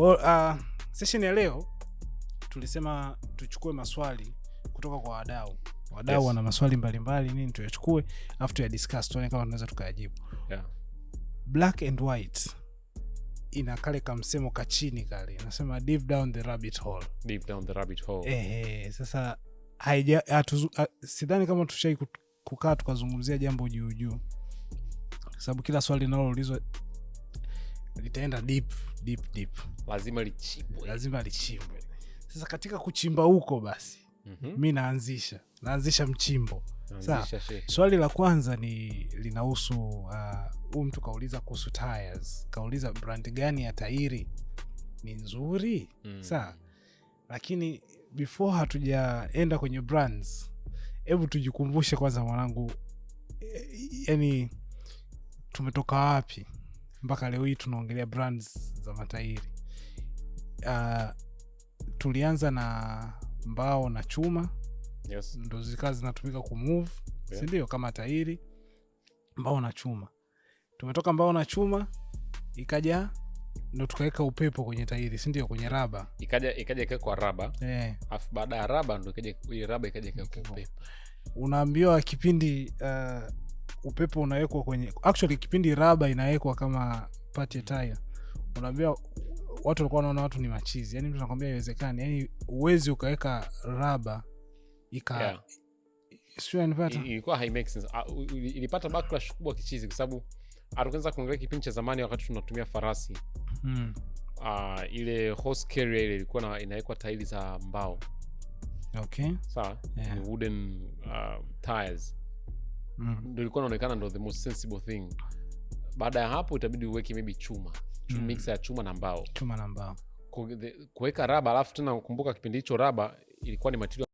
Well, uh, session ya leo tulisema tuchukue maswali kutoka kwa wadau wadau yes. Wana maswali mbalimbali mbali, nini tuyachukue afu tuyadiscuss tuone kama tunaweza tukayajibu yeah. Black and white ina kale kamsemo kachini kale nasema deep down the rabbit hole. Deep down the rabbit hole. sasa haija ah, sidhani kama tushai kukaa tukazungumzia jambo juujuu kwa sababu kila swali linaloulizwa litaenda deep, deep, deep. Lazima lichimbwe. Lazima lichimbwe. Sasa katika kuchimba huko basi mm -hmm. Mi naanzisha naanzisha mchimbo sawa. Swali la kwanza ni linahusu huu uh, mtu kauliza kuhusu kauliza brand gani ya tairi ni nzuri mm. saa lakini before hatujaenda kwenye brands, hebu tujikumbushe kwanza mwanangu, eh, yani tumetoka wapi? mpaka leo hii tunaongelea brands za matairi uh, tulianza na mbao na chuma yes. ndo zikawa zinatumika kumove yeah. sindio kama tairi mbao na chuma tumetoka mbao na chuma ikaja ndo tukaweka upepo kwenye tairi sindio kwenye raba ikaja ikaja ikawekwa raba yeah. afu baada ya raba ndo raba ikaja ikawekwa upepo unaambiwa kipindi uh, upepo unawekwa kwenye actually, kipindi raba inawekwa kama pati mm. tire, unaambia watu walikuwa wanaona watu ni machizi. Yani mtu anakwambia haiwezekani, yani uwezi ukaweka raba ika yeah. Sio, yaani ilikuwa sense. Ilipata backlash kubwa kichizi, kwa sababu hatukuanza kuongelea kipindi cha zamani wakati tunatumia farasi mm. Uh, ile horse carrier ile ilikuwa inawekwa tairi za mbao okay. Sawa yeah. wooden uh, tires Mm-hmm. ndo ilikuwa naonekana ndo the most sensible thing. Baada ya hapo itabidi uweke maybe chuma mm. mixa ya chuma na mbao, kuweka raba, alafu tena kumbuka kipindi hicho raba ilikuwa ni matirio